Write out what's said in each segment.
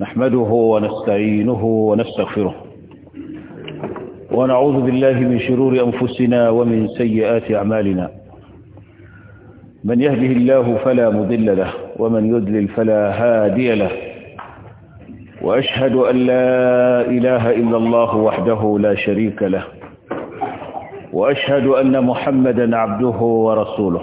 نحمده ونستعينه ونستغفره ونعوذ بالله من شرور أنفسنا ومن سيئات أعمالنا من يهده الله فلا مضل له ومن يدلل فلا هادي له وأشهد أن لا إله إلا الله وحده لا شريك له وأشهد أن محمدا عبده ورسوله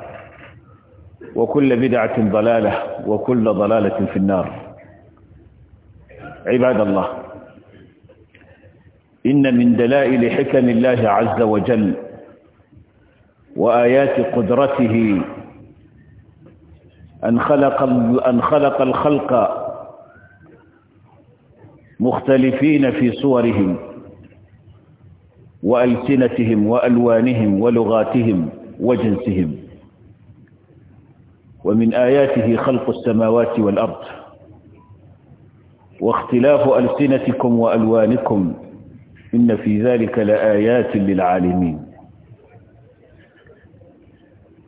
وكل بدعة ضلالة وكل ضلالة في النار عباد الله إن من دلائل حكم الله عز وجل وآيات قدرته أن خلق, أن خلق الخلق مختلفين في صورهم وألسنتهم وألوانهم ولغاتهم وجنسهم ومن آياته خلق السماوات والأرض واختلاف ألسنتكم وألوانكم إن في ذلك لآيات للعالمين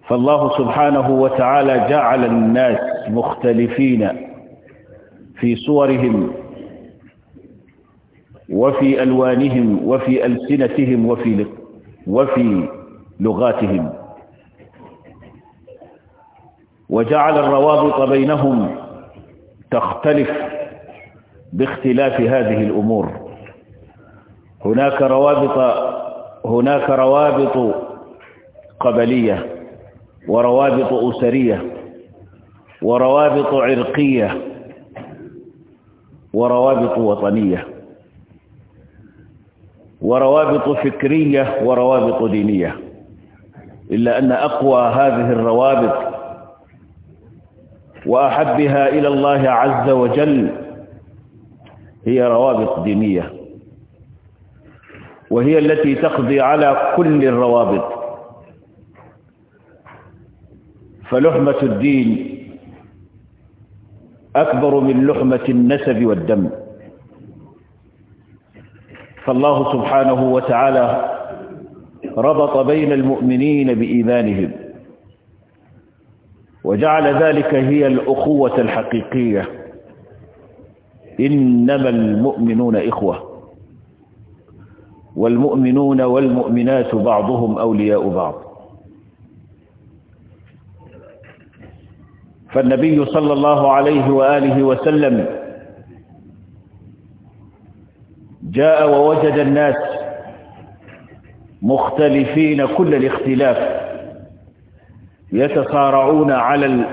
فالله سبحانه وتعالى جعل الناس مختلفين في صورهم وفي ألوانهم وفي ألسنتهم وفي وفي لغاتهم وجعل الروابط بينهم تختلف باختلاف هذه الأمور هناك روابط هناك روابط قبلية وروابط أسرية وروابط عرقية وروابط وطنية وروابط فكرية وروابط دينية إلا أن أقوى هذه الروابط وأحبها إلى الله عز وجل هي روابط دينية وهي التي تقضي على كل الروابط فلحمة الدين أكبر من لحمة النسب والدم فالله سبحانه وتعالى ربط بين المؤمنين بإيمانهم وجعل ذلك هي الأخوة الحقيقية إنما المؤمنون إخوة والمؤمنون والمؤمنات بعضهم أولياء بعض فالنبي صلى الله عليه وآله وسلم جاء ووجد الناس مختلفين كل الاختلاف يتصارعون على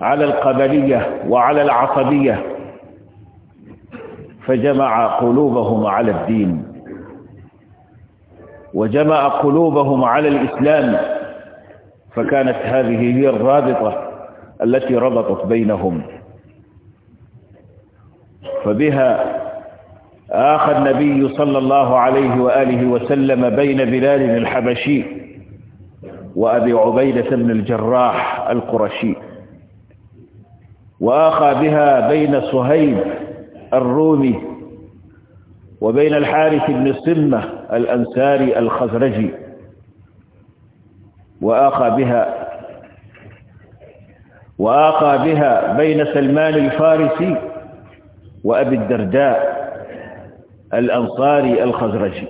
على القبلية وعلى العصبية فجمع قلوبهم على الدين وجمع قلوبهم على الإسلام فكانت هذه هي الرابطة التي ربطت بينهم فبها آخى النبي صلى الله عليه وآله وسلم بين بلال الحبشي وأبي عبيدة بن الجراح القرشي وآخى بها بين صهيب الرومي وبين الحارث بن السمة الأنساري الخزرجي وآخى بها وآخى بها بين سلمان الفارسي وأبي الدرداء الأنصاري الخزرجي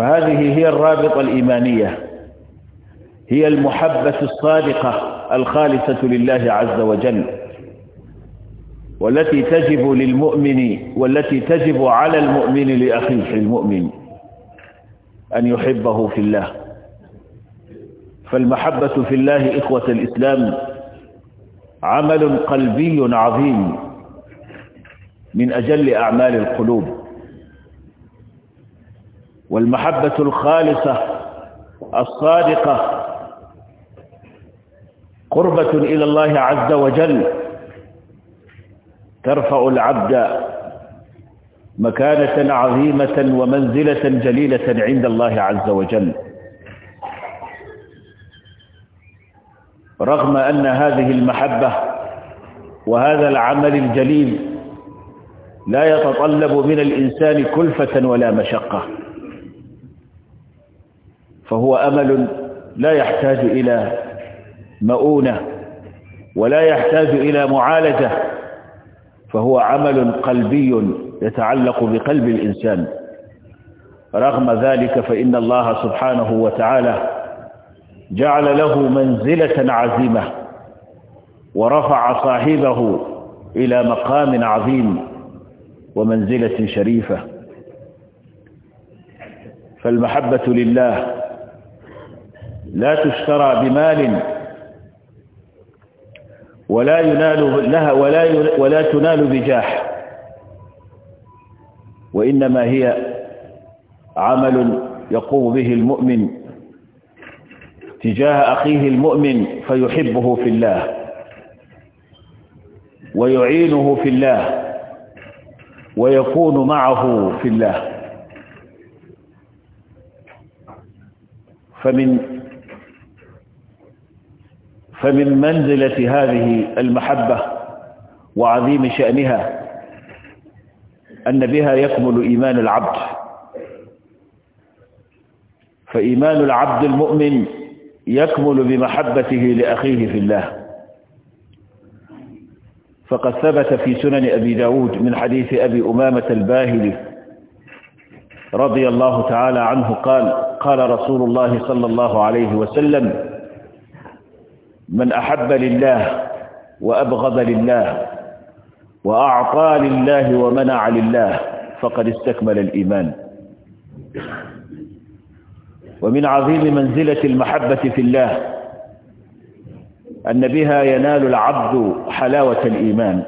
فهذه هي الرابطة الإيمانية هي المحبة الصادقة الخالصة لله عز وجل والتي تجب للمؤمن والتي تجب على المؤمن لأخيه المؤمن أن يحبه في الله فالمحبة في الله إخوة الإسلام عمل قلبي عظيم من أجل أعمال القلوب والمحبة الخالصة الصادقة قربة إلى الله عز وجل ترفع العبد مكانة عظيمة ومنزلة جليلة عند الله عز وجل رغم أن هذه المحبة وهذا العمل الجليل لا يتطلب من الإنسان كلفة ولا مشقة فهو أمل لا يحتاج إلى مؤونة ولا يحتاج إلى معالجة فهو عمل قلبي يتعلق بقلب الإنسان رغم ذلك فإن الله سبحانه وتعالى جعل له منزلة عزيمة ورفع صاحبه إلى مقام عظيم ومنزلة شريفة فالمحبة لله لا تشترى بمال ولا ينال لها ولا ولا تنال بجاح وإنما هي عمل يقوم به المؤمن تجاه أخيه المؤمن فيحبه في الله ويعينه في الله ويكون معه في الله فمن فمن منزلة هذه المحبة وعظيم شأنها أن بها يكمل إيمان العبد فإيمان العبد المؤمن يكمل بمحبته لأخيه في الله فقد ثبت في سنن أبي داود من حديث أبي أمامة الباهلي رضي الله تعالى عنه قال قال رسول الله صلى الله عليه وسلم من أحب لله وأبغض لله وأعطى لله ومنع لله فقد استكمل الإيمان ومن عظيم منزلة المحبة في الله أن بها ينال العبد حلاوة الإيمان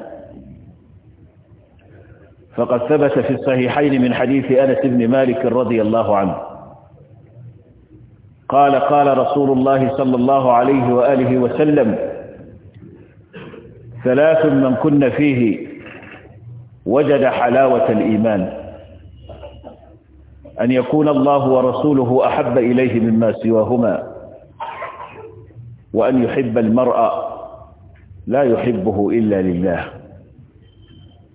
فقد ثبت في الصحيحين من حديث أنس بن مالك رضي الله عنه قال قال رسول الله صلى الله عليه وآله وسلم ثلاث من كن فيه وجد حلاوة الإيمان أن يكون الله ورسوله أحب إليه مما سواهما وأن يحب المرأة لا يحبه إلا لله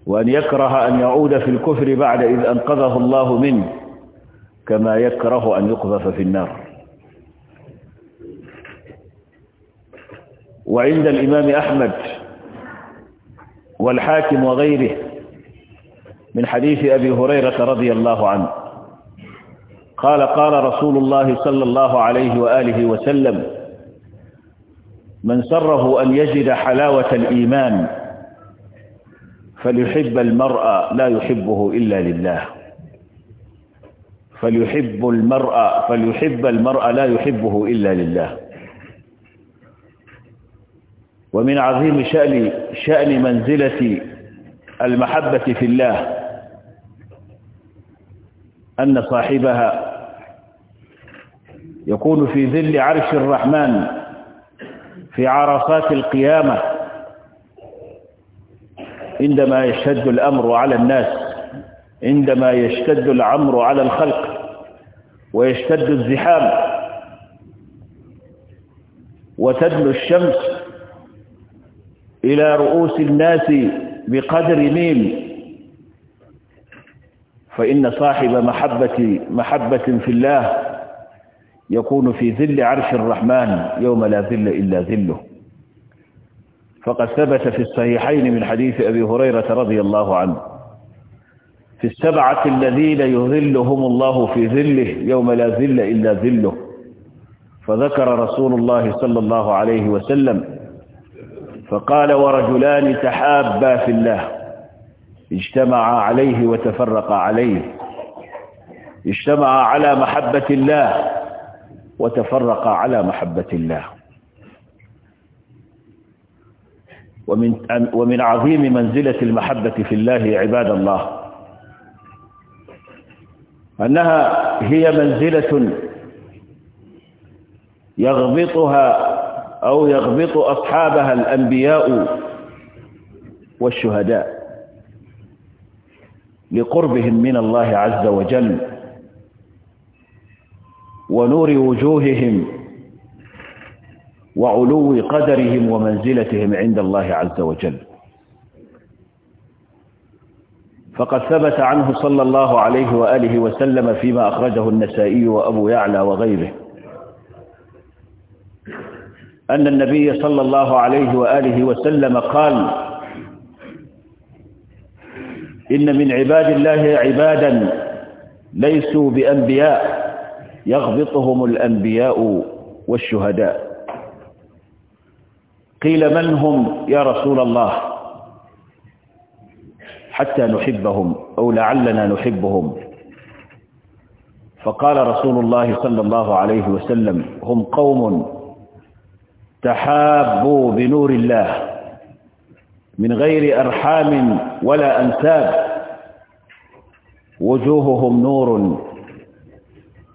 وأن يكره أن يعود في الكفر بعد إذ أنقذه الله منه كما يكره أن يقذف في النار وعند الإمام أحمد والحاكم وغيره من حديث أبي هريرة رضي الله عنه قال قال رسول الله صلى الله عليه وآله وسلم من سره أن يجد حلاوة الإيمان فليحب المرأة لا يحبه إلا لله فليحب المرأة فليحب المرأة لا يحبه إلا لله ومن عظيم شأن, شأن منزلة المحبة في الله أن صاحبها يكون في ذل عرش الرحمن في عرصات القيامة عندما يشتد الأمر على الناس عندما يشتد العمر على الخلق ويشتد الزحام وتدنو الشمس إلى رؤوس الناس بقدر ميم فإن صاحب محبة محبة في الله يكون في ذل عرش الرحمن يوم لا ذل إلا ذله فقد ثبت في الصحيحين من حديث أبي هريرة رضي الله عنه في السبعة الذين يذلهم الله في ذله يوم لا ذل إلا ذله فذكر رسول الله صلى الله عليه وسلم فقال ورجلان تحابا في الله اجتمعا عليه وتفرقا عليه اجتمعا على محبة الله وتفرقا على محبة الله ومن ومن عظيم منزلة المحبة في الله عباد الله أنها هي منزلة يغبطها أو يغبط أصحابها الأنبياء والشهداء لقربهم من الله عز وجل ونور وجوههم وعلو قدرهم ومنزلتهم عند الله عز وجل فقد ثبت عنه صلى الله عليه وآله وسلم فيما أخرجه النسائي وأبو يعلى وغيره أن النبي صلى الله عليه وآله وسلم قال إن من عباد الله عبادا ليسوا بأنبياء يغبطهم الأنبياء والشهداء قيل من هم يا رسول الله حتى نحبهم أو لعلنا نحبهم فقال رسول الله صلى الله عليه وسلم هم قوم تحابوا بنور الله من غير أرحام ولا أنساب وجوههم نور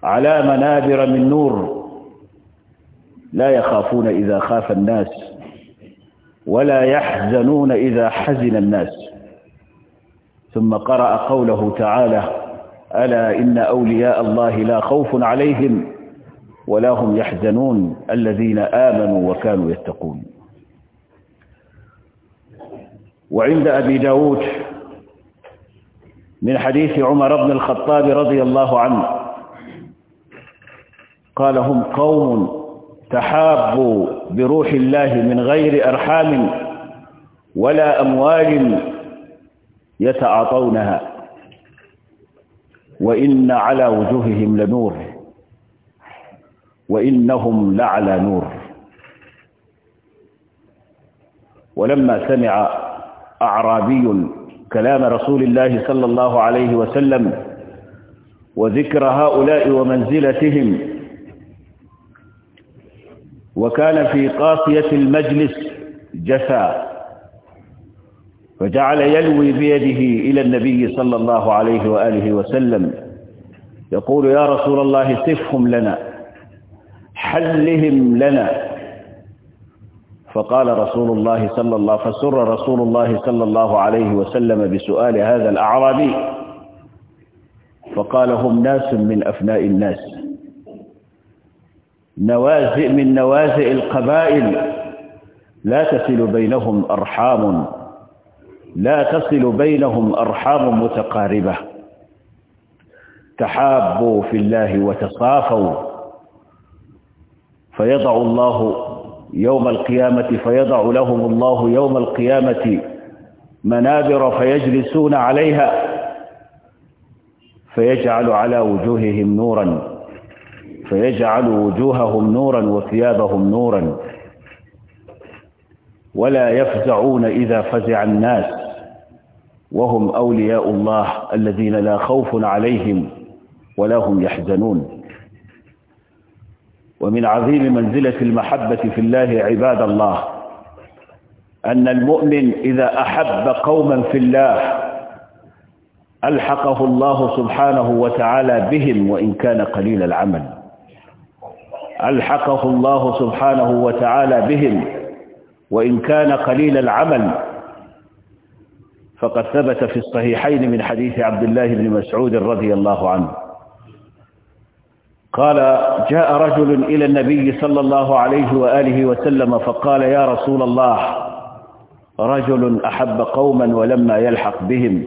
على منابر من نور لا يخافون إذا خاف الناس ولا يحزنون إذا حزن الناس ثم قرأ قوله تعالى ألا إن أولياء الله لا خوف عليهم ولا هم يحزنون الذين آمنوا وكانوا يتقون وعند أبي داود من حديث عمر بن الخطاب رضي الله عنه قال هم قوم تحابوا بروح الله من غير أرحام ولا أموال يتعاطونها وإن على وجوههم لنور وإنهم لعلى نور ولما سمع أعرابي كلام رسول الله صلى الله عليه وسلم وذكر هؤلاء ومنزلتهم وكان في قاصية المجلس جثى فجعل يلوي بيده إلى النبي صلى الله عليه وآله وسلم يقول يا رسول الله صفهم لنا حلهم لنا فقال رسول الله صلى الله فسر رسول الله صلى الله عليه وسلم بسؤال هذا الأعرابي فقال هم ناس من أفناء الناس نوازئ من نوازئ القبائل لا تصل بينهم أرحام لا تصل بينهم أرحام متقاربة تحابوا في الله وتصافوا فيضع الله يوم القيامة فيضع لهم الله يوم القيامة منابر فيجلسون عليها فيجعل على وجوههم نورا فيجعل وجوههم نورا وثيابهم نورا ولا يفزعون إذا فزع الناس وهم أولياء الله الذين لا خوف عليهم ولا هم يحزنون ومن عظيم منزلة المحبة في الله عباد الله أن المؤمن إذا أحب قوما في الله ألحقه الله سبحانه وتعالى بهم وإن كان قليل العمل ألحقه الله سبحانه وتعالى بهم وإن كان قليل العمل فقد ثبت في الصحيحين من حديث عبد الله بن مسعود رضي الله عنه قال جاء رجل إلى النبي صلى الله عليه وآله وسلم فقال يا رسول الله رجل أحب قوما ولما يلحق بهم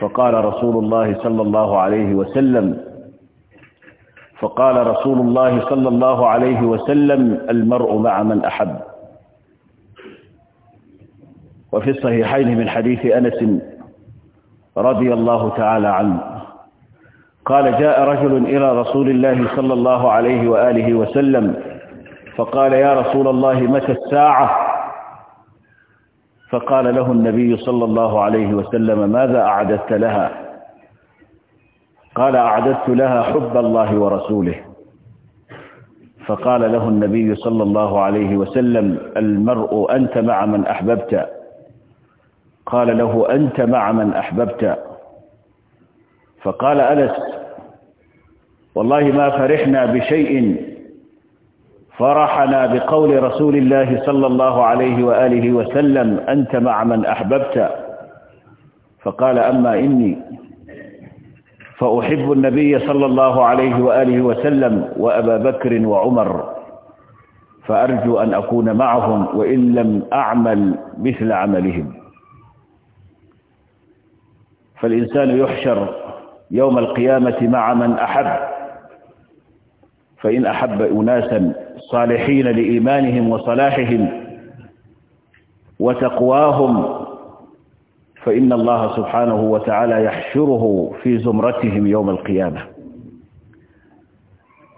فقال رسول الله صلى الله عليه وسلم فقال رسول الله صلى الله عليه وسلم المرء مع من أحب وفي الصحيحين من حديث أنس رضي الله تعالى عنه قال جاء رجل إلى رسول الله صلى الله عليه وآله وسلم فقال يا رسول الله متى الساعة فقال له النبي صلى الله عليه وسلم ماذا أعددت لها قال أعددت لها حب الله ورسوله فقال له النبي صلى الله عليه وسلم المرء أنت مع من أحببت قال له أنت مع من أحببت فقال أنس والله ما فرحنا بشيء فرحنا بقول رسول الله صلى الله عليه وآله وسلم أنت مع من أحببت فقال أما إني فأحب النبي صلى الله عليه وآله وسلم وأبا بكر وعمر فأرجو أن أكون معهم وإن لم أعمل مثل عملهم فالإنسان يحشر يوم القيامة مع من أحب فإن أحب أناسا صالحين لإيمانهم وصلاحهم وتقواهم فإن الله سبحانه وتعالى يحشره في زمرتهم يوم القيامة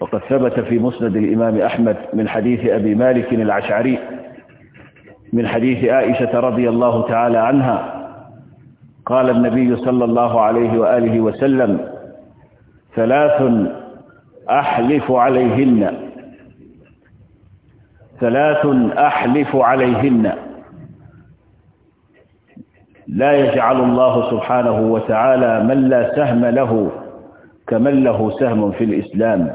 وقد ثبت في مسند الإمام أحمد من حديث أبي مالك العشعري من حديث عائشة رضي الله تعالى عنها قال النبي صلى الله عليه وآله وسلم ثلاث أحلف عليهن ثلاث أحلف عليهن لا يجعل الله سبحانه وتعالى من لا سهم له كمن له سهم في الإسلام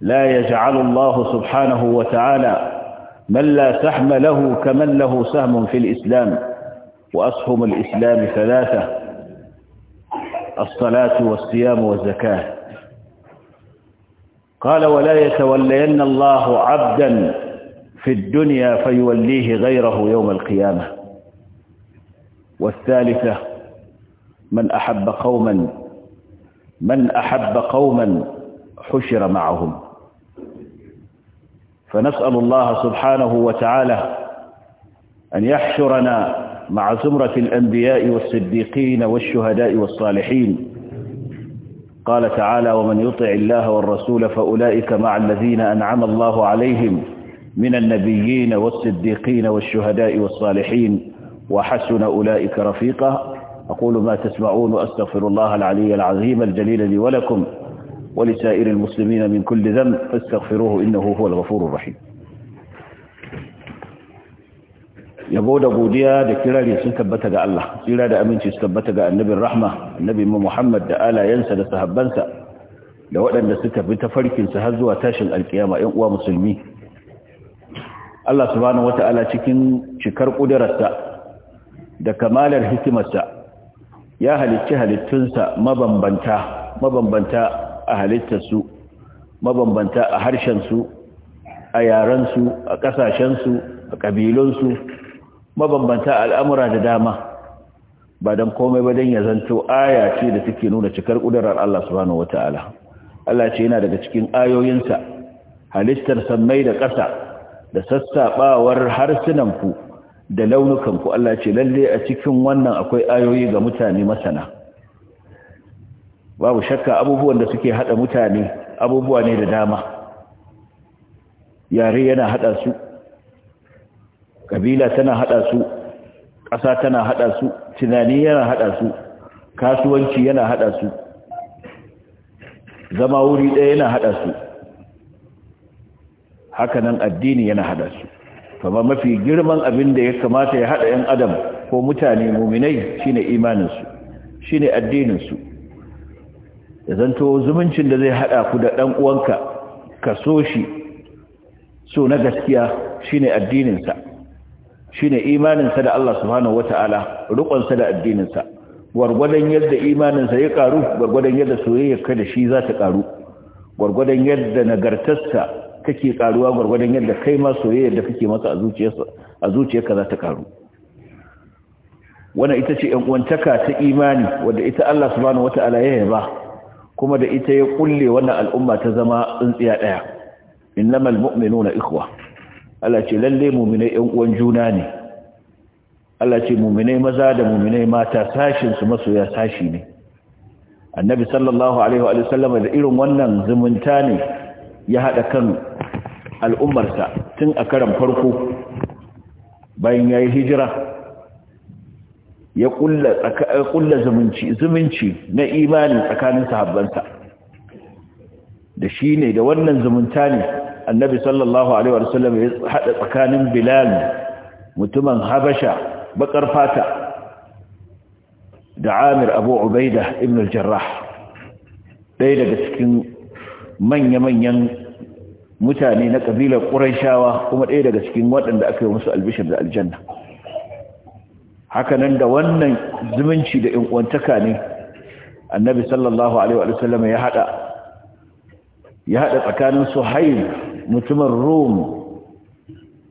لا يجعل الله سبحانه وتعالى من لا سهم له كمن له سهم في الإسلام وأسهم الإسلام ثلاثة الصلاة والصيام والزكاة قال ولا يتولين الله عبدا في الدنيا فيوليه غيره يوم القيامة والثالثة من أحب قوما من أحب قوما حشر معهم فنسأل الله سبحانه وتعالى أن يحشرنا مع زمرة الأنبياء والصديقين والشهداء والصالحين قال تعالى ومن يطع الله والرسول فأولئك مع الذين أنعم الله عليهم من النبيين والصديقين والشهداء والصالحين وحسن أولئك رفيقا أقول ما تسمعون وأستغفر الله العلي العظيم الجليل لي ولكم ولسائر المسلمين من كل ذنب فاستغفروه إنه هو الغفور الرحيم yabo da godiya da kirari sun tabbata ga Allah tsira da aminci sun tabbata ga annabin rahma annabi Muhammad da alayansa da sahabbansa da waɗanda suka bi su har zuwa tashin alkiyama ‘yan uwa musulmi Allah subhanahu wata'ala cikin cikar ƙudurarsa da kamalar hikimarsa ya halicci halittunsa mabambanta mabambanta a halittarsu mabambanta a harshen su a yarensu a su a ƙabilunsu mabambanta al'amura da dama ba don komai ba don ya zanto aya ce da suke nuna cikar ƙudurar Allah subhanahu wa ta'ala Allah ce yana daga cikin ayoyinsa halittar sammai da ƙasa da sassaɓawar harsunanku da launukanku Allah ce lalle a cikin wannan akwai ayoyi ga mutane masana babu shakka abubuwan da suke haɗa mutane abubuwa ne da dama yare yana haɗa su kabila tana hada su ƙasa tana hada su tunani yana hada su kasuwanci yana hada su zama wuri ɗaya yana hada su hakanan addini yana hada su kama mafi girman abin da ya kamata ya haɗa yan adam ko mutane muminai shine imaninsu shine addininsu da zanto zumuncin da zai haɗa ku da ɗan uwanka ka so shi so na gaskiya shine addininsa shine imaninsa da Allah subhanahu wata'ala rukunsa da addininsa gwargwadon yadda imaninsa ya karu gwargwadon yadda soyayyarka da shi za ta karu gwargwadon yadda nagartarsa kake karuwa gwargwadon yadda kai ma soyayyar da kake masa a zuciyarka za ta karu wannan ita ce ‘yan uwantaka ta imani wadda ita Allah subhanahu wata'ala ya yaba kuma da ita ya kulle wannan al'umma ta zama tsintsiya ɗaya innamal mu'minuna ikhwa Allah ce lalle mu'minai ƴan uwan juna ne Allah ce mu'minai maza da mu'minai mata sashin su masoya sashi ne annabi sallallahu alaihi wa sallama da irin wannan zumunta ne ya hada kan al'ummarsa tun a karan farko bayan yayi hijira ya kulla zumunci zumunci na imani tsakanin sahabbansa da shi ne da wannan zumunta ne annabi sallallahu alaihi wasallam ya hada tsakanin bilal mutumin habasha bakar fata da amir abu ubaida ibn al-jarrah ɗaya daga cikin manya-manyan mutane na ƙabilar ƙuraishawa kuma ɗaya daga cikin waɗanda aka yi musu albishir da aljanna hakanan da wannan zumunci da inkwantaka ne annabi sallallahu alaihi wa sallam ya hada ya hada tsakanin suhail mutumin rum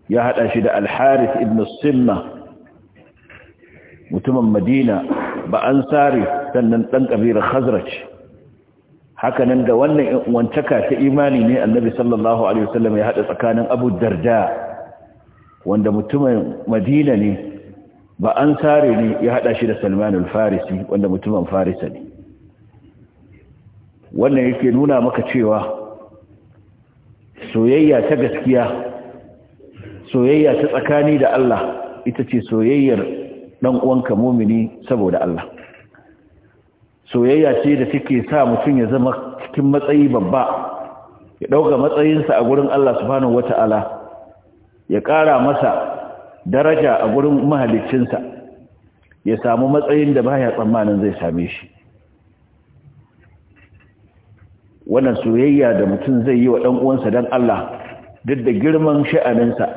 ya haɗa shi da alharis ibn simma mutumin madina ba an tsari sannan ɗan ƙabirar Haka hakanan da wannan wancaka ta imani ne annabi sallallahu alaihi wasallam ya haɗa tsakanin abu darda wanda mutumin madina ne ba an tsari ne ya haɗa shi da salmanul farisi wanda mutumin farisa ne wannan yake nuna maka cewa soyayya ta gaskiya soyayya ta tsakani da Allah ita ce soyayyar dan uwanka mumini saboda Allah soyayya ce da take sa mutum ya zama cikin matsayi babba ya ɗauka matsayinsa a gurin Allah subhanahu wata'ala ya ƙara masa daraja a gurin mahaliccinsa ya samu matsayin da baya tsammanin zai same shi wannan soyayya da mutum zai yi wa ɗan uwansa don Allah duk da girman sha'aninsa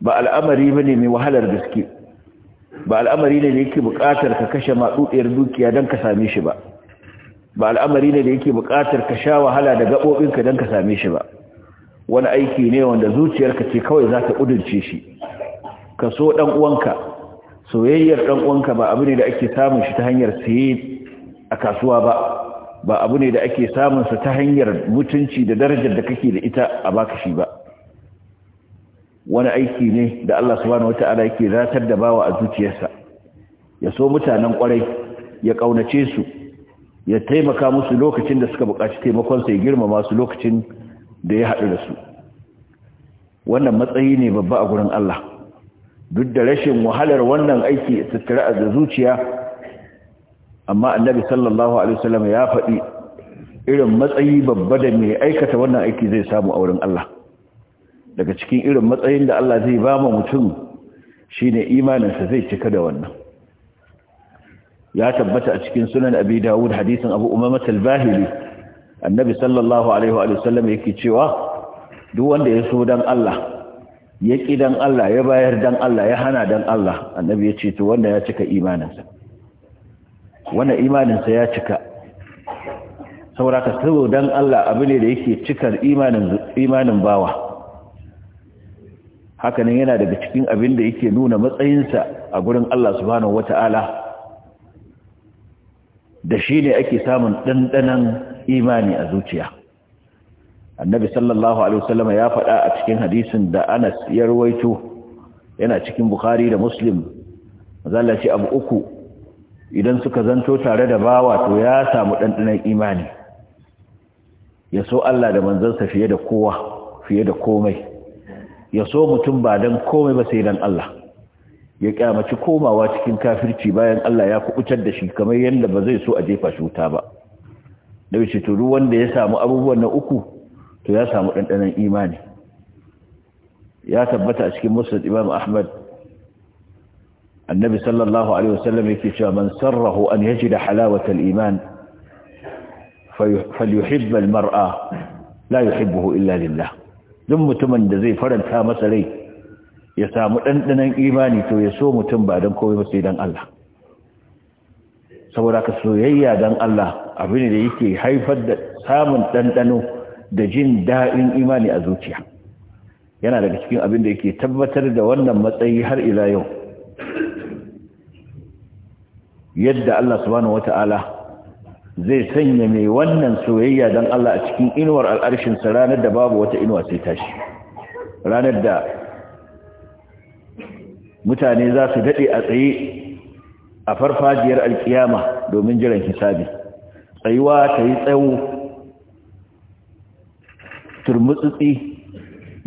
ba al'amari ba ne mai wahalar gaske ba al'amari ne da yake buƙatar ka kashe maɗuɗiyar dukiya don ka same shi ba ba al'amari ne da yake buƙatar ka sha wahala da gaɓoɓinka don ka same shi ba wani aiki ne wanda zuciyarka ce kawai za ta ƙudurce shi ka so ɗan uwanka soyayyar ɗan uwanka ba abu ne da ake samun shi ta hanyar siye a kasuwa ba ba abu ne da ake samun sa ta hanyar mutunci da darajar da kake da ita a baka shi ba wani aiki ne da Allah subhanahu wata'ala yake ratar da bawa a zuciyarsa ya so mutanen kwarai ya kaunace su ya taimaka musu lokacin da suka buƙaci sa ya girmama su lokacin da ya haɗu da su wannan matsayi ne babba a gurin Allah duk da rashin wahalar wannan aiki tattare a zuciya amma annabi sallallahu alaihi wasallam ya faɗi irin matsayi babba da mai aikata wannan aiki zai samu a wurin Allah daga cikin irin matsayin da Allah zai ba mu mutum shine imaninsa zai cika da wannan ya tabbata a cikin sunan abi dawud hadisin abu umama al annabi sallallahu alaihi wa sallam yake cewa duk wanda ya so dan Allah ya ki dan Allah ya bayar dan Allah ya hana dan Allah annabi ya ce to wanda ya cika imaninsa wannan imaninsa ya cika sauraka saboda Allah abu ne da yake cikar imanin bawa hakanan yana daga cikin abin da yake nuna matsayinsa a gurin Allah subhanahu wata'ala da shi ne ake samun ɗanɗanan imani a zuciya annabi sallallahu alaihi wasallama ya faɗa a cikin hadisin da anas ya rawaito yana cikin bukhari da muslim zalla ce abu uku idan suka zanto tare da bawa to ya samu ɗanɗanon imani ya so Allah da manzansa fiye da kowa fiye da komai ya so mutum ba don komai ba sai don Allah ya kyamaci komawa cikin kafirci bayan Allah ya kubutar da shi kamar yadda ba zai so a jefa shi ba da wuce to duk wanda ya samu abubuwan na uku to ya samu ɗanɗanon imani ya tabbata a cikin musulun imam ahmad annabi sallallahu alaihi wasallam yake cewa man sarrahu an yajida halawata al-iman falyuhibba al-mar'a la yuhibbuhu illa lillah duk mutumin da zai faranta masa rai ya samu dandanan imani to ya so mutum ba dan komai ba sai dan Allah saboda ka soyayya dan Allah abin da yake haifar da samun dandano da jin daɗin imani a zuciya yana daga cikin abin da yake tabbatar da wannan matsayi har ila yau yadda Allah subhanahu wata'ala zai sanya mai wannan soyayya don Allah a cikin inuwar al'arshinsa ranar da babu wata inuwa sai tashi ranar da mutane za su daɗe a tsaye a farfajiyar alkiyama domin jiran hisabi tsayuwa ta yi tsawo turmutsutsi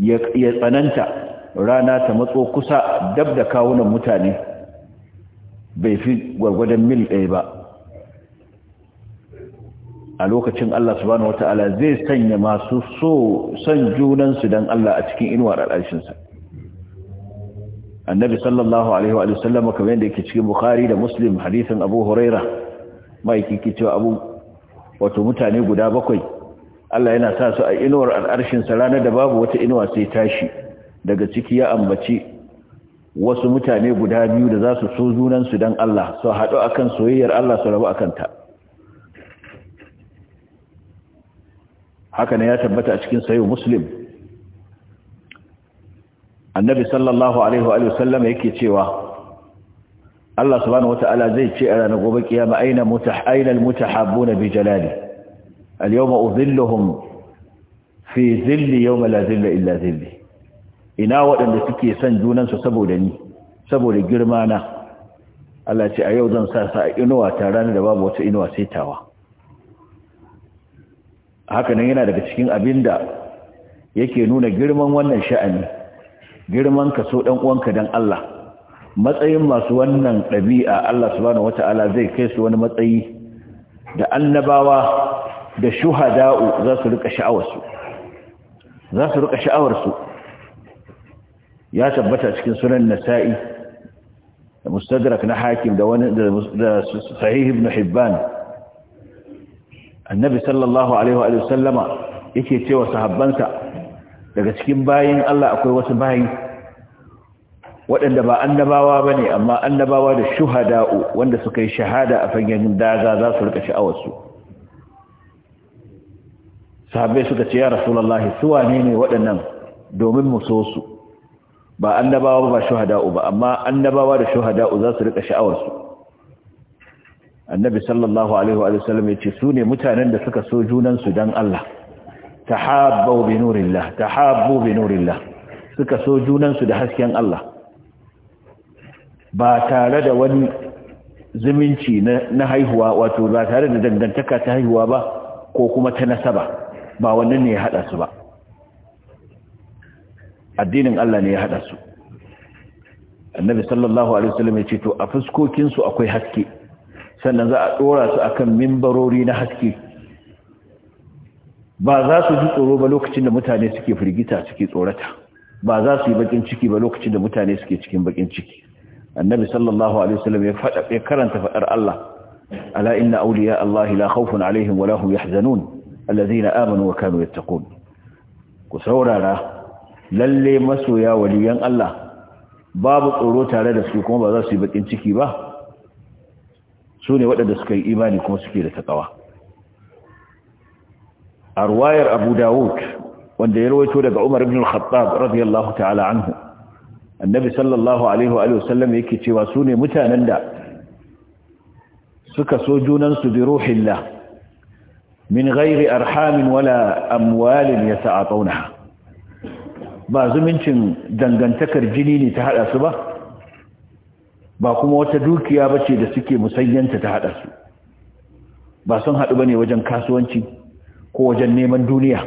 ya tsananta rana ta matso kusa dab da kawunan mutane bai fi gwargwadon mil ɗaya ba a lokacin Allah subhanahu ta'ala zai sanya masu so son junansu don Allah a cikin inuwar al'arshinsa annabi sallallahu alaihi wa sallam kamar yadda yake cikin bukhari da muslim hadisin abu huraira mai kike cewa abu wato mutane guda bakwai Allah yana sa su a inuwar al'arshinsa ranar da babu wata inuwa sai tashi daga ciki ya ambaci wasu mutane guda biyu da za su so junansu don Allah su haɗu akan soyayyar Allah su rabu a kanta. haka ne ya tabbata a cikin sayo muslim annabi sallallahu alaihi wa sallam yake cewa Allah subhanahu ta'ala zai ce a ranar gobe kiyama aina mutahainal mutahabbuna bi jalali al-yawma udhilluhum fi zilli yawma la zilla illa zilli ina waɗanda suke son junansu saboda ni saboda girma na Allah ce a yau zan sa sa a inuwa ta ranar da babu wata inuwa sai hakanan yana daga cikin abin da yake nuna girman wannan sha'ani girman ka so dan uwanka dan Allah matsayin masu wannan ɗabi'a Allah subhanahu wata'ala zai kai su wani matsayi da annabawa da shuhada'u za su rika sha'awarsu za su rika sha'awarsu ya tabbata cikin sunan nasa'i da mustadrak na hakim da wani da sahih ibn hibban annabi sallallahu alaihi wa sallama yake cewa sahabbansa daga cikin bayin Allah akwai wasu bayi waɗanda ba annabawa ba ne amma annabawa da shuhada'u wanda suka yi shahada a fagen daga za su rika sha'awarsu sahabbai suka ce ya rasulallah su wane ne waɗannan domin mu so su ba annabawa ba shuhada'u ba amma annabawa da shuhada'u za su rika sha'awarsu annabi sallallahu alaihi wa sallam ya ce su ne mutanen da suka so junansu don Allah tahabbu bi nurillah tahabbu bi nurillah suka so junansu da hasken Allah ba tare da wani zumunci na haihuwa wato ba tare da dangantaka ta haihuwa ba ko kuma ta nasaba ba wannan ne ya haɗa su ba addinin Allah ne ya haɗa su annabi sallallahu alaihi wasallam ya ce to a fuskokin su akwai haske sannan za a dora su akan mimbarori na haske ba za su ji tsoro ba lokacin da mutane suke firgita suke tsorata ba za su yi bakin ciki ba lokacin da mutane suke cikin bakin ciki annabi sallallahu alaihi wasallam ya faɗa ya karanta faɗar Allah ala inna awliya Allah la khawfun alaihim wa la hum yahzanun alladhina amanu wa kanu yattaqun ku saurara lalle masoya waliyan Allah babu tsoro tare da su kuma ba za su yi bakin ciki ba su ne waɗanda suka yi imani kuma suke da takawa a ruwayar abu dawud wanda ya rawaito daga umar ibn al-khattab radiyallahu ta'ala anhu annabi sallallahu alaihi wa sallam yake cewa su ne mutanen da suka so su bi ruhillah min ghairi arhamin wala amwalin yata'atunaha ba zumuncin dangantakar jini ne ta haɗa su ba ba kuma wata dukiya ba ce da suke musayyanta ta haɗa su ba sun haɗu ba ne wajen kasuwanci ko wajen neman duniya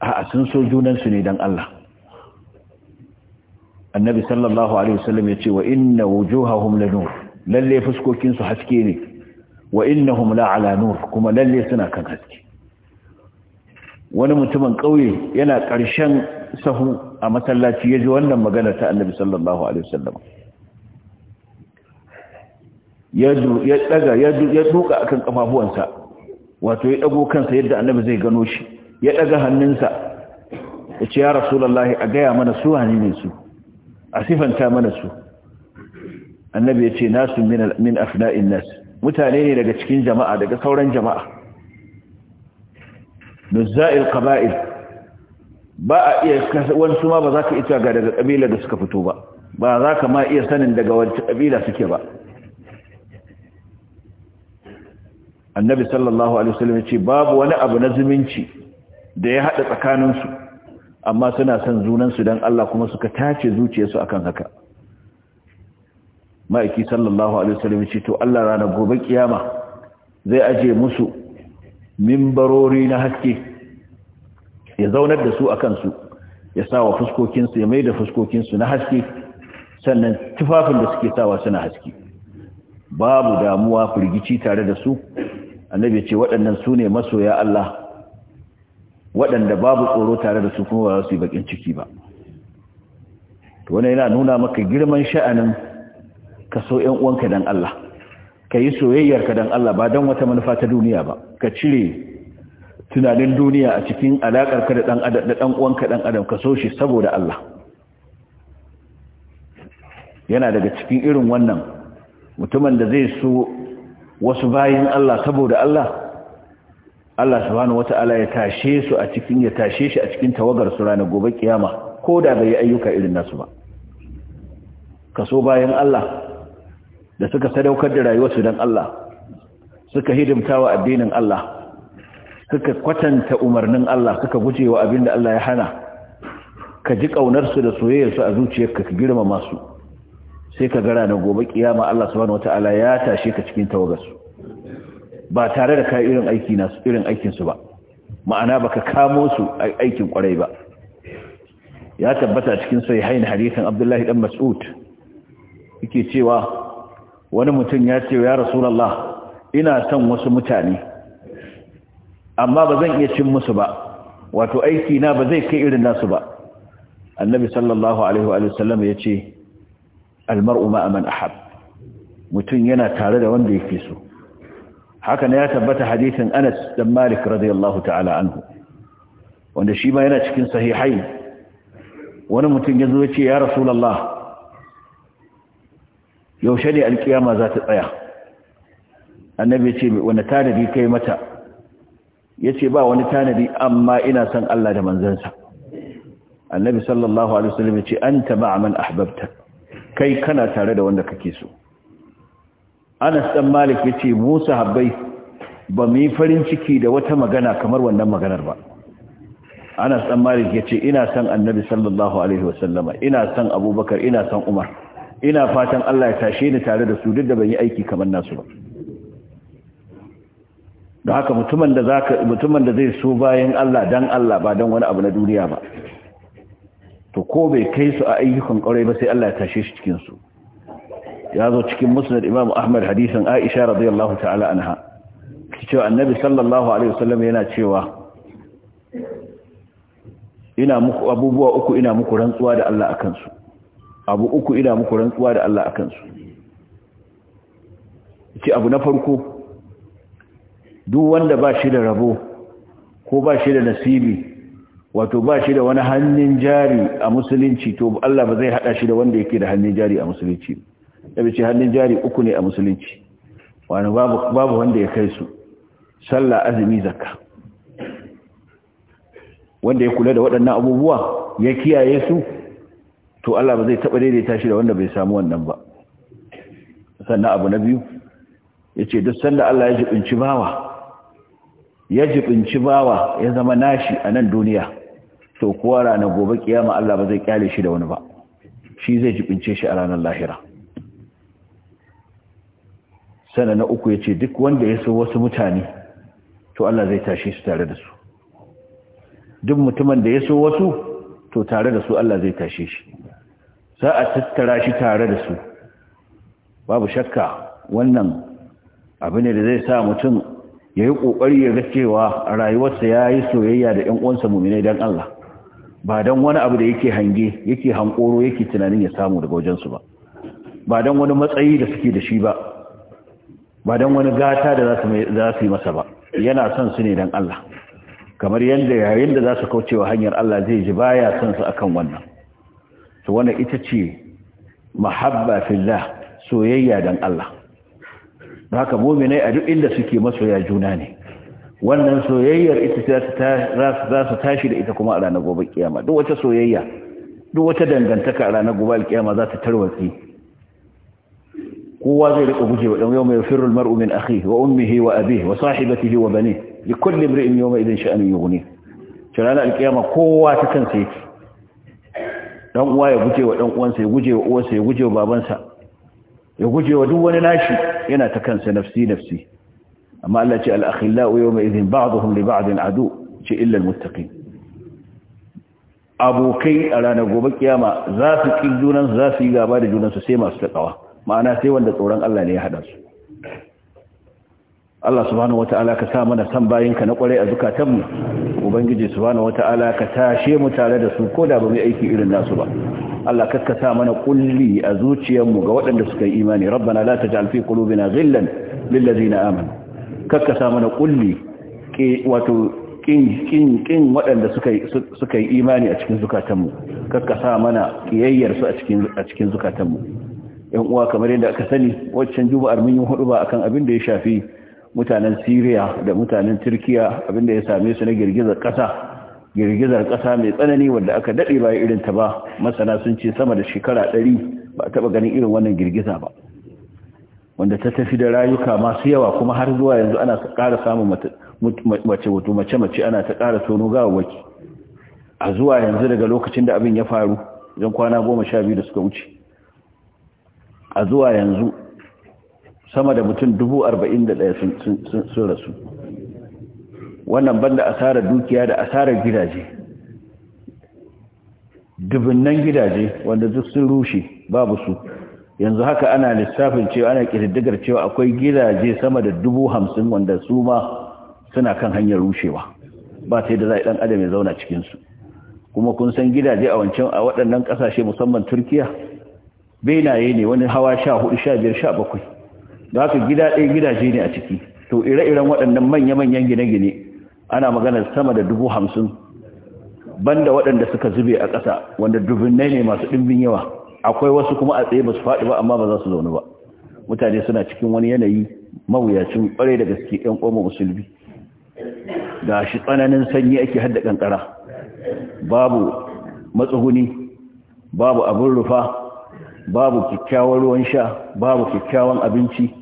a sun so junansu ne don Allah annabi sallallahu alaihi wasallam ya ce wa inna wujuhahum lanur lalle fuskokinsu haske ne wa innahum la'ala ala nur kuma lalle suna kan haske wani mutumin ƙauye yana ƙarshen sahu a masallaci ya ji wannan magana ta annabi sallallahu alaihi wasallam ya daga ya duka akan kafafuwansa wato ya dago kansa yadda annabi zai gano shi ya daga hannunsa ya ce ya rasulullahi a gaya mana su hani ne su a sifanta mana su annabi ya ce nasu min afna'in nas mutane ne daga cikin jama'a daga sauran jama'a nuzza'il qaba'il ba a iya wasu ma ba za ka ita ga daga kabila da suka fito ba ba za ka ma iya sanin daga wacce kabila suke ba annabi sallallahu alaihi wasallam ya ce babu wani abu na zumunci da ya hada su amma suna son su dan Allah kuma suka tace zuciyarsu akan haka ma'aiki sallallahu alaihi wasallam ya ce to Allah rana gobe kiyama zai aje musu mimbarori na haske ya zaunar da su a kansu ya sa wa fuskokinsu ya mai da fuskokinsu na haske sannan tufafin da suke sawa suna haske babu damuwa firgici tare da su annabi ce waɗannan su ne masoya Allah waɗanda babu tsoro tare da su kuma ba za su yi bakin ciki ba wani yana nuna maka girman sha'anin ka so ƴan uwanka dan Allah ka yi soyayyar ka don Allah ba don wata manufa ta duniya ba ka cire tunanin duniya a cikin alakar ka da dan adam da dan uwanka dan adam ka so shi saboda Allah yana daga cikin irin wannan mutumin da zai so wasu bayin Allah saboda Allah Allah subhanahu wata'ala ya tashe su a cikin ya tashe shi a cikin tawagar su ranar gobe kiyama ko da bai ayyuka irin nasu ba Ka so bayan Allah da suka sadaukar da rayuwarsu don Allah suka hidimta wa addinin Allah suka kwatanta umarnin Allah suka guje wa abin da Allah ya hana ka ji ƙaunarsu da soyayyarsu a zuciyarka ka girmama su sai ka gara na gobe kiyama Allah subhanahu wata'ala ya tashi ka cikin tawagarsu ba tare da ka irin aiki nasu irin aikin su ba ma'ana baka kamo su aikin kwarai ba ya tabbata cikin sahihain hadisin Abdullahi dan Mas'ud yake cewa wani mutum ya ce ya rasulallah ina son wasu mutane amma ba zan iya cin musu ba wato aiki na ba zai kai irin nasu ba annabi sallallahu alaihi wa sallam ya ce almar'u ma'a man ahab mutum yana tare da wanda yake so haka ne ya tabbata hadithin Anas dan Malik radiyallahu ta'ala anhu wanda shi ma yana cikin sahihai wani mutum ya zo ya ce ya rasulallah. yaushe ne alkiyama za ta tsaya annabi ya ce wani tanadi kai mata ya ce ba wani tanadi amma ina son Allah da manzansa annabi sallallahu alaihi wasallam ya ce anta ma'a man ahbabta kai kana tare da wanda kake so Anas dan Malik ya ce mu sahabbai ba mu yi farin ciki da wata magana kamar wannan maganar ba Anas dan Malik ya ce ina son annabi sallallahu alaihi wasallama ina son Abubakar ina son Umar ina fatan Allah ya tashe ni tare da su duk da ban yi aiki kamar nasu ba da haka mutumin da zaka mutumin da zai so bayan Allah dan Allah ba dan wani abu na duniya ba to ko bai kai su a ayyukan kwarai ba sai Allah ya tashe shi cikin su ya zo cikin musnad Imam Ahmad hadisin Aisha radiyallahu ta'ala anha annabi sallallahu alaihi wasallam yana cewa ina muku abubuwa uku ina muku rantsuwa da Allah akan su abu uku ina muku rantsuwa da Allah akan su ce abu na farko duk wanda ba shi da rabo ko ba shi da nasibi wato ba shi da wani hannun jari a musulunci to Allah ba zai hada shi da wanda yake da hannun jari a musulunci da ce hannun jari uku ne a musulunci wani babu babu wanda ya kai su sallah azumi zakka wanda ya kula da waɗannan abubuwa ya kiyaye su to Allah ba zai taɓa daidaita shi da wanda bai samu wannan ba sannan abu na biyu ya ce duk sanda Allah ya jibinci bawa ya jibinci bawa ya zama nashi a nan duniya to kuwa ranar gobe kiyama Allah ba zai kyale shi da wani ba shi zai jibince shi a ranar lahira sannan na uku ya ce duk wanda ya so wasu mutane to Allah zai tashi su tare da su duk mutumin da ya so wasu to tare da su Allah zai tashe shi za a tattara shi tare da su babu shakka wannan abu ne da zai sa mutum ya yi ƙoƙari ya ga cewa a rayuwarsa ya yi soyayya da ‘yan uwansa muminai don Allah ba don wani abu da yake hange yake hankoro yake tunanin ya samu daga wajensu ba ba don wani matsayi da suke da shi ba ba don wani gata da za su yi masa ba yana son su ne don Allah kamar yadda yayin da za su kaucewa hanyar Allah zai ji baya son su akan wannan Su wannan ita ce mahabba fillah soyayya dan Allah haka mu'minai a duk inda suke masoya juna ne wannan soyayyar ita za su tashi da ita kuma a ranar gobe kiyama duk wata soyayya duk wata dangantaka a ranar gobe kiyama za ta tarwatsi kowa zai rika gujewa dan yau mai firul mar'u min akhihi wa ummihi wa abihi wa sahibatihi wa banihi li kulli imri'in yawma idhin sha'anun yughni ranar alkiyama kowa ta kansa yake dan uwa ya guje wa dan uwansa ya guje wa uwarsa ya guje wa babansa ya guje wa duk wani nashi yana ta kansa nafsi nafsi amma Allah ce al-akhillau yawma idhin ba'dhum li ba'din adu ce illa al-muttaqin abokai a ranar gobe kiyama za su ƙi junansu za su yi gaba da junansu sai masu taƙawa ma'ana sai wanda tsoron Allah ne ya haɗa su Allah subhanahu wata'ala ka sa mana san bayinka na kwarai a zukatanmu ubangiji subhanahu wata'ala ka tashe mu tare da su koda ba mu aiki irin nasu ba Allah kakka sa mana kulli a zuciyarmu ga waɗanda suka yi imani rabbana la taj'al fi qulubina ghillan lil ladina amanu kakka sa mana kulli ke wato kin kin kin waɗanda suka suka yi imani a cikin zukatanmu kakka sa mana kiyayyar su a cikin a cikin zukatanmu yan uwa kamar yadda aka sani waccan juma'ar mun yi hudu ba akan abin da ya shafi mutanen Syria da mutanen Turkiya abinda ya same su na girgizar ƙasa girgizar ƙasa mai tsanani wanda aka daɗe bayan irin ta ba masana sun ce sama da shekara ɗari, ba taba ganin irin wannan girgiza ba wanda ta tafi da rayuka masu yawa kuma har zuwa yanzu ana ƙara samun mace wato mace mace ana ta ƙara tono gawawaki a zuwa yanzu daga lokacin da abin ya faru idan kwana goma sha biyu da suka wuce a zuwa yanzu sama da mutum dubu arba'in da ɗaya sun rasu wannan banda asarar dukiya da asarar gidaje dubunnan gidaje wanda duk sun rushe babu su yanzu haka ana lissafin cewa ana kididdigar cewa akwai gidaje sama da dubu hamsin wanda su ma suna kan hanyar rushewa ba sai da za a adam ya zauna cikinsu kuma kun san gidaje a wancan a waɗannan ƙasashe musamman turkiya benaye ne wani hawa sha hudu sha biyar sha bakwai da haka gida ɗaya gidaje ne a ciki to ire-iren waɗannan manya-manyan gine-gine ana maganar sama da dubu hamsin banda waɗanda suka zube a ƙasa wanda dubinnai ne masu ɗimbin yawa akwai wasu kuma a tsaye ba su faɗi ba amma ba za su zaune ba mutane suna cikin wani yanayi mawuyacin ƙwarai da gaske ɗan ƙoma musulmi ga shi tsananin sanyi ake hadda ƙanƙara babu matsuguni babu abin rufa babu kyakkyawan ruwan sha babu kyakkyawan abinci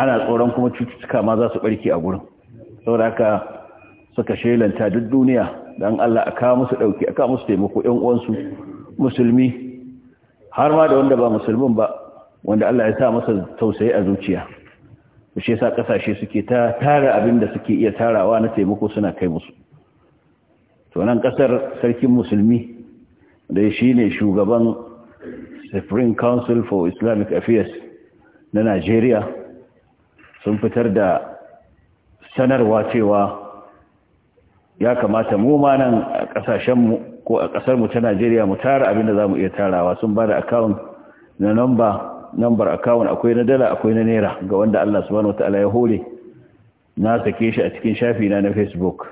ana tsoron kuma cututtuka ma za su barke a gurin saboda haka suka shelanta duk duniya dan Allah aka musu dauki aka musu taimako yan uwansu musulmi har ma da wanda ba musulmin ba wanda Allah ya sa masa tausayi a zuciya shi yasa kasashe suke ta tara abin da suke iya tarawa na taimako suna kai musu to nan kasar sarkin musulmi da shi ne shugaban supreme council for islamic affairs na nigeria sun fitar da sanarwa cewa ya kamata mu ma nan a mu ko a ƙasarmu ta Najeriya mu tara abin da za mu iya tarawa sun ba da akawun na namba nambar akawun akwai na dala akwai na naira ga wanda Allah subhanahu wataala ya hore na sake shi a cikin shafi na na Facebook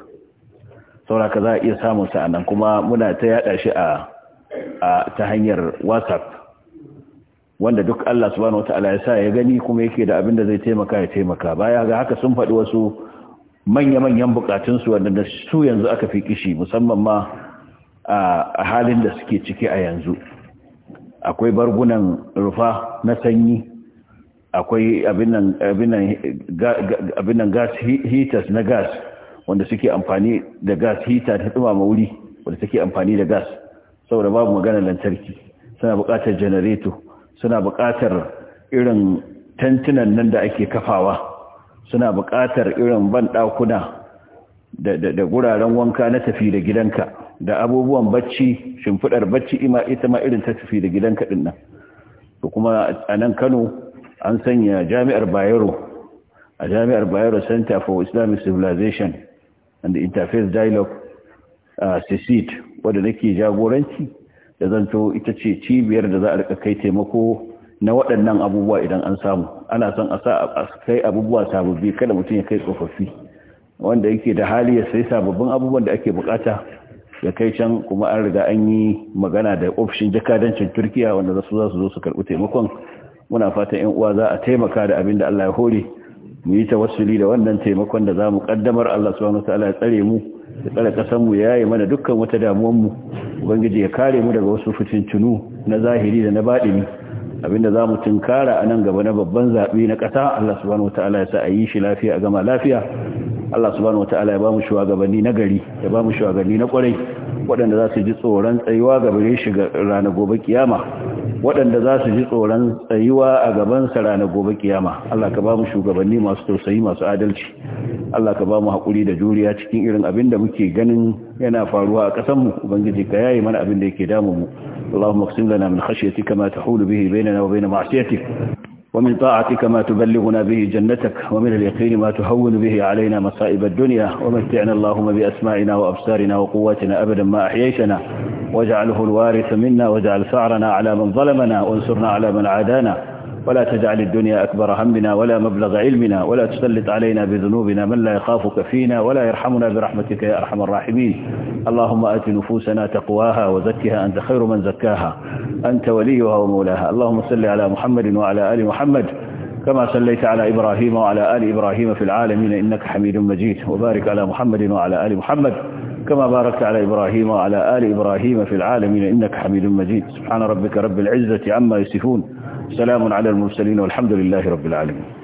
ka za a iya samun sa nan kuma muna ta yada shi a ta hanyar WhatsApp wanda duk Allah subhanahu wataala ya sa ya gani kuma yake da abin da zai taimaka ya taimaka baya ga haka sun faɗi wasu manya-manyan bukatunsu wanda su yanzu aka fi kishi musamman ma a halin da suke ciki a yanzu akwai bargunan rufa na sanyi akwai abin nan gas heaters na gas wanda suke amfani da gas heater ta dumama wuri wanda suke amfani da gas saboda babu magana lantarki suna bukatar janareto suna buƙatar irin tantunan nan da ake kafawa suna buƙatar irin banɗakuna da guraren wanka na tafi da gidanka da abubuwan bacci shimfiɗar bacci ima ita ma irin ta tafi da gidanka ɗin nan da kuma a nan kano an sanya jami'ar bayero a jami'ar bayero center for islamic civilization and interface dialogue a uh, sisit wadda nake jagoranci ya zanto ita ce cibiyar da za a rika kai taimako na waɗannan abubuwa idan an samu ana son a sa kai abubuwa sababbi kada mutum ya kai tsofaffi wanda yake da hali ya sai sababbin abubuwan da ake bukata ya kai can kuma an riga an yi magana da ofishin jakadancin turkiya wanda za su za su zo su karɓi taimakon muna fatan yan uwa za a taimaka da abin da allah ya hore mu yi ta tawassuli da wannan taimakon da za mu ƙaddamar allah subhanahu wa ta'ala ya tsare mu ya tsara kasanmu ya yi mana dukkan wata damuwanmu ubangiji ya kare mu daga wasu tunu na zahiri da na baɗini abinda za mu tunkara a nan gaba na babban zaɓe na ƙasa Allah subhanahu wata'ala ya sa a yi shi lafiya a gama lafiya Allah subhanahu wata'ala ya ba mu shugabanni na gari ya ba mu shugabanni na ƙwarai waɗanda za su ji tsoron tsayuwa ne shi ranar gobe kiyama waɗanda za su ji tsoron tsayuwa a gabansa ranar gobe kiyama Allah ka ba mu shugabanni masu tausayi masu adalci Allah ka ba mu haƙuri da juriya cikin irin abin da muke ganin yana faruwa a ƙasanmu ubangiji ka yayi mana abin da yake damu mu Allahumma qsim lana min khashyatika ma tahulu bihi bainana wa bain ma'siyatik wa wa min min ta'atika ma tuballighuna bihi jannatak al-yaqini ma ما bihi alayna masa'ib ad-dunya wa تهون Allahumma bi asma'ina wa absarina wa quwwatina وأبصارنا ma ahyaytana waj'alhu al-waritha minna waj'al sa'rana 'ala man zalamana wa ansurna 'ala man 'adana ولا تجعل الدنيا أكبر همنا ولا مبلغ علمنا ولا تسلط علينا بذنوبنا من لا يخافك فينا ولا يرحمنا برحمتك يا أرحم الراحمين اللهم آت نفوسنا تقواها وزكها أنت خير من زكاها أنت وليها ومولاها اللهم صل على محمد وعلى آل محمد كما صليت على إبراهيم وعلى آل إبراهيم في العالمين إنك حميد مجيد وبارك على محمد وعلى آل محمد كما باركت على إبراهيم وعلى آل إبراهيم في العالمين إنك حميد مجيد سبحان ربك رب العزة عما يصفون سلام على المرسلين والحمد لله رب العالمين